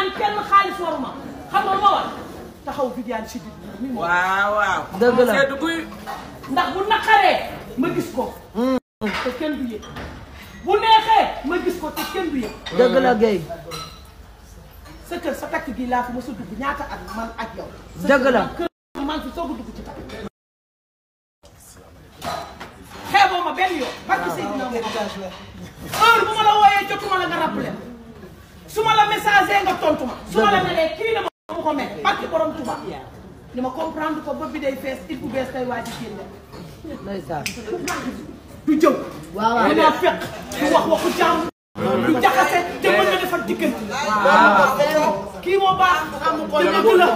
naan kenn xaalis waruma xam nga lu ma war taxaw Viviane si biir. waaw waaw. dëgg la ndax bu naqaree ma gis ko. Hmm. te kenn du yëg. bu neexee ma gis ko te kenn du la Guèye. sa kër sa takk gi laa fi mos dugg ñaata at man ak yow. la kër man fi soog dugg ci takk. su ma la message nga tontu ma. su ma la ne leen kii la ma ko mel. parce que borom Touba. ni ma comprendre ko bopp bi day fees il bu bees tey waa ji génn. ndeysaan. du jëw. waaw waaw dinaa fekk du wax waxu jàmm. du jaxase te mën na defar diggante. waaw kii moo baax. dëgg la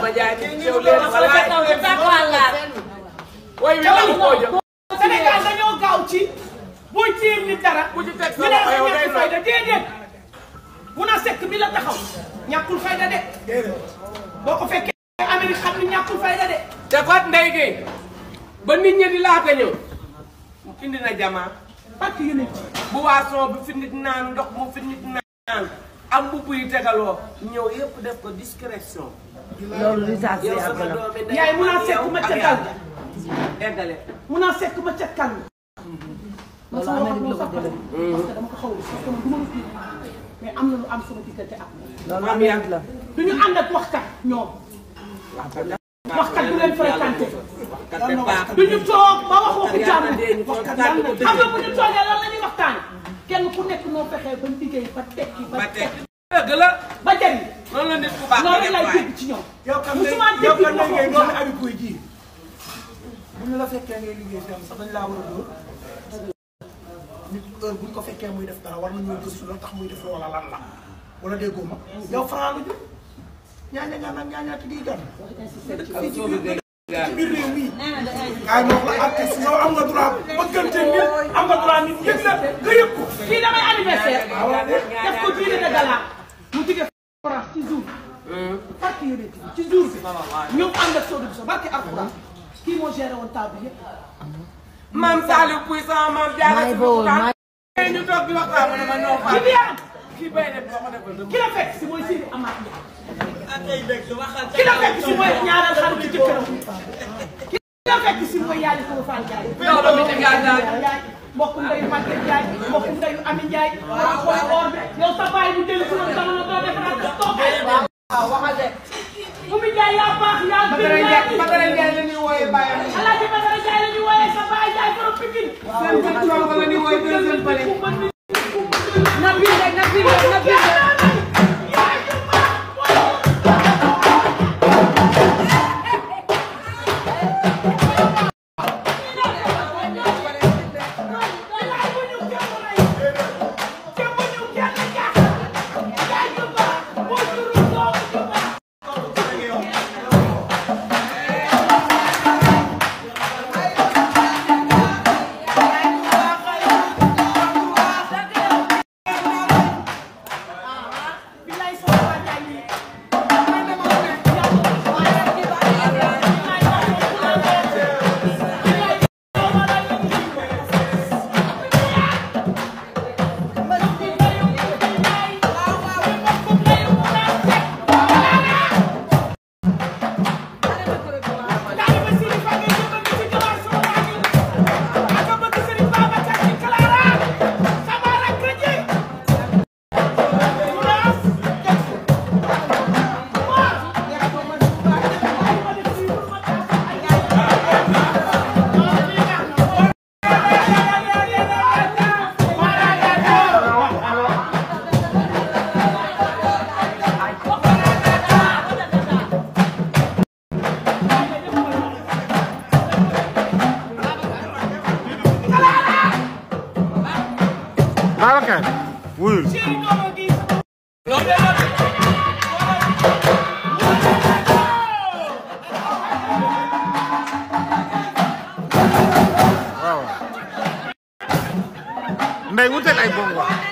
dëgg la. Sénégal dañoo gaaw ci boo jéem nit dara. bu ci teg sa loxo yow day fay déedéet. mun a sekk mi la taxaw ñàkkul fayda de boo ko fekkee Amérique xam ni ñàkkul fayda de te kot Ndeye Gueye ba nit ñi di laata ñëw indi na jamaa parce que yéen bu waason nit naan ndox mu fi nit naan am bu buy tegaloo ñëw yëpp def ko discrétion loolu li sax mun a sekk ma ca mun a sekk ma ca kal man sama wax moo sax parce que dama ko xaw parce que man du mais am na lu am sama diggante ak moom. loolu am la du ñu ànd ak waxkat ñoom. waxkat du leen fréquenté. waxkat du ñu toog ba wax waxu jàmm. waxkat yàlla na xam nga bu ñu toogee lan la ñuy waxtaan. kenn ku nekk noo fexee ba liggéey ba tekki ba tekki. dëgg la ba jëriñ. loolu la nit ku baax loolu lay dégg ci ñoom. yow kam léegi yow kam léegi noonu abi koy ji. bu ñu la fekkee ngay liggéey tam sax dañ laa war a dóor. nit heure buñ ko fekkee muy def dara war nañoo gëstu la tax muy def loola lan la wala déggoo ma yow Franc lu ñu ñaaña ñaanal ñaañaati di gan. ci biir réew mi. kaay ma wax la artiste yow am nga droit bëggante nit am nga droit nit yëg la nga yëg ko. fii damay anniversaire. Ah, def ko jiite de gala mu jóge France ci jour. parce que yéen ci jour bi. ñoom ànd ak soo dugg sa barke alxuraan kii moo géré woon table yëpp. maam Saliou puissant maam Diarra si bopp daal maa ñu toog di waxtaan ma ne ma non faa. kii bay dem boo ko defal ki la fekk si mooy Sidi Amath Ndiaye. Ah, ki la fekk si mooy ñaareel xaru ci jëkkëram. ki la fekk si mooy Yaali Kourou Fall Ndiaye. loolu mi tegaat daal mbokk ndeyu Maguette Ndiaye mbokk ndeyu Ami Ndiaye. waaw waaw waaw yow sa baay mu dellu si woon sama na doo defaraat toog. 过来。没，我再来一个。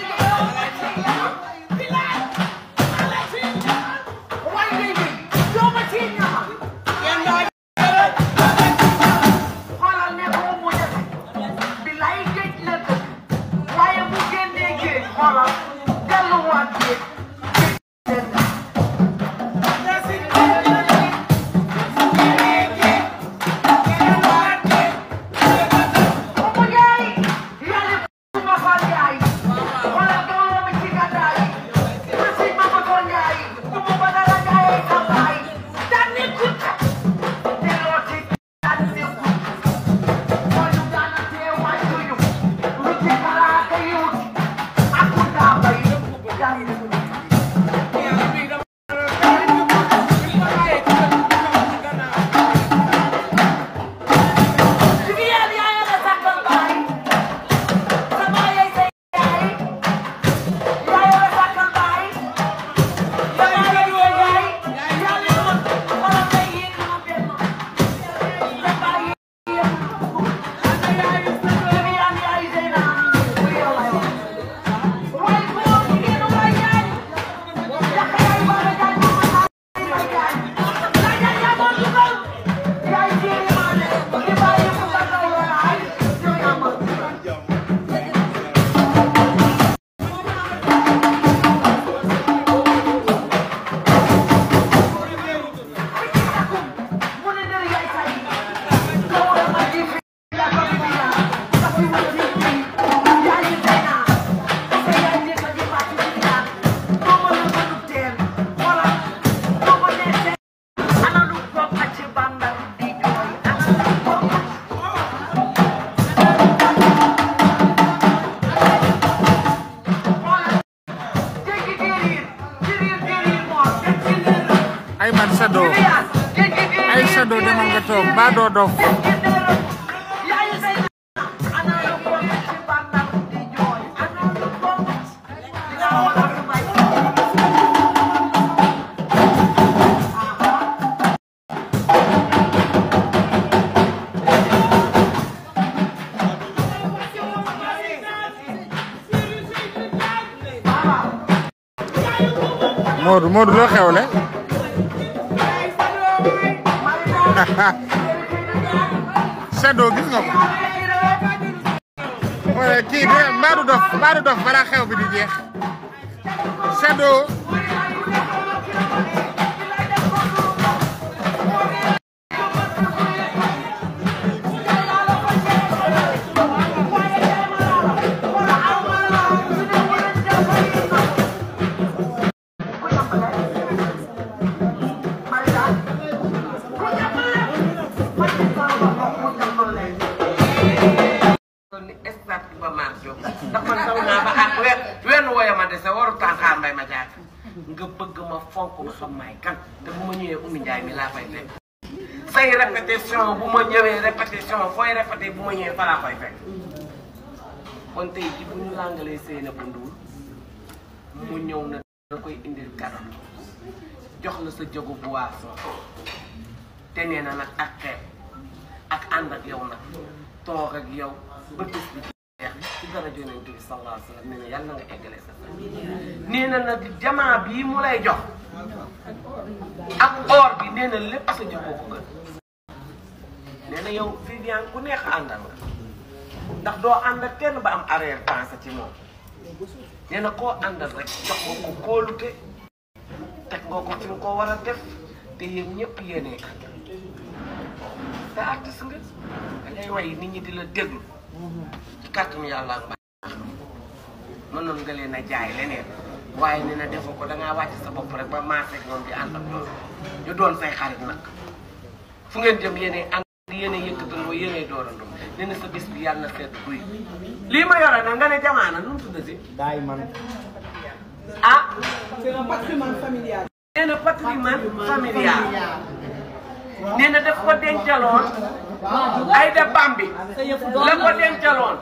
xanaa doo dof Modou Modou Shadow gis nga ko kii de mbaa du dof mbaa du dof balaa xew bi di jeex Shadow say répétition bu ma ñëwee répétition fooy répété bu ma ñëwee balaa koy fekk kon tey ji bu ñu làngalee seen bu nduul mu ñëw na da koy indi kanam jox la sa jógu bu waaso te nee na nag ak xeet ak ànd ak yow nag toog ak yow ba bés bi jeex ci dara Yonent bi sallallahu alayhi wa nag jamaa bii mu lay jox ak or bi nee na lépp sa jëmoo ko gën nee na yow ku neex àndal nga ndax doo ànd ak kenn ba am arrière pensée ci moom nee na koo àndal rek jox nga ko kóolute teg nga ko fi nga ko war a def te yéen ñëpp yéenee àndal te artiste nga da way nit ñi di la déglu ci yàlla ak baax mënoon nga leen a jaay leneen waaye nee na defoo ko da ngaa wàcc sa bopp rek ba maase ak ñoom di ànd ak ñoom ñu doon say xarit nag fu ngeen jëm yéenay ànd yéenay yëkkatandoo yéenay doorandoo nee na sa bis bi yàlla na seet buy lii ma yore nag nga ne jamaana nu mu tudd si. daay man. ah. c'est un patrimoine familial. nee na patrimoine familial. nee na daf ko dencaloon. ay da bambi. la ko dencaloon.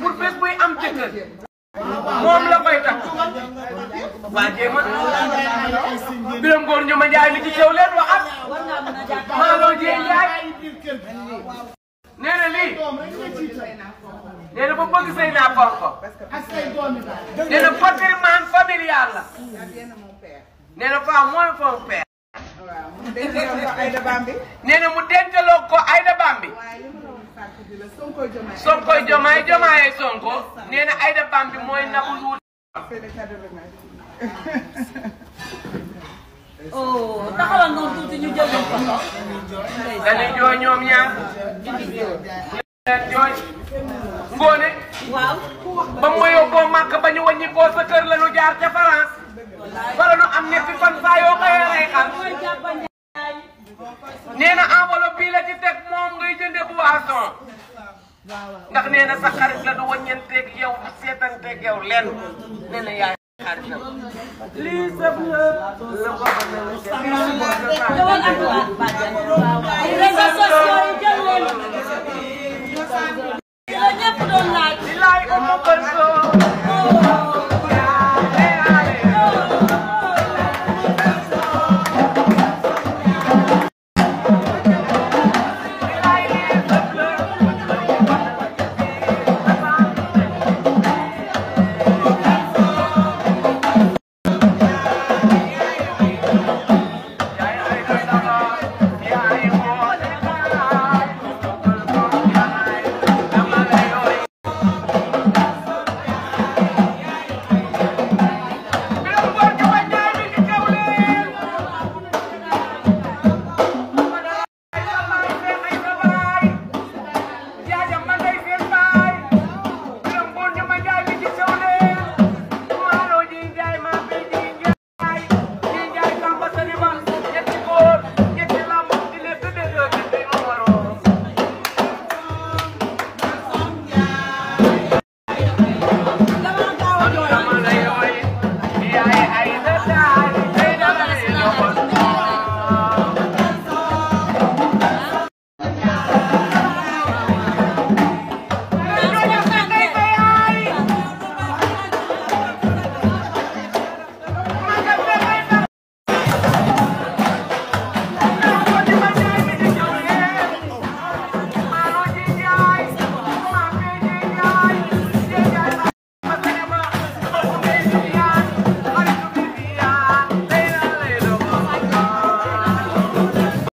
pour bés buy am jëkkër. moom la koy takk waa jéema biram góor ñu ma njaay li ci xew leen waxat maaloo jee njaay nee na lii nee na ba bëgg sëy naa for ko nee na familial la nee na faa mooy foo mu dentaloo ko Aïda Bambi Sonko Jomaay Jomaay Sonko nee na Aïda Bambi mooy nabu luut. oh taxawal noonu tuuti ñu jël ko ndox. dañuy jooy ñoom Ngoone. ba mu wéyoo koo màkk ba ñu wàññi koo kër la ñu jaar ca France. wala nu am ñetti fan saa yoo xëyee lay nee na enveloppe bii la di teg moom ngay jëndee boisson ndax nee na sa xarit la du wàññeenteeg yow du seetanteeg yow lenn nee na yaay xaritam lii sëb la la ko mën a.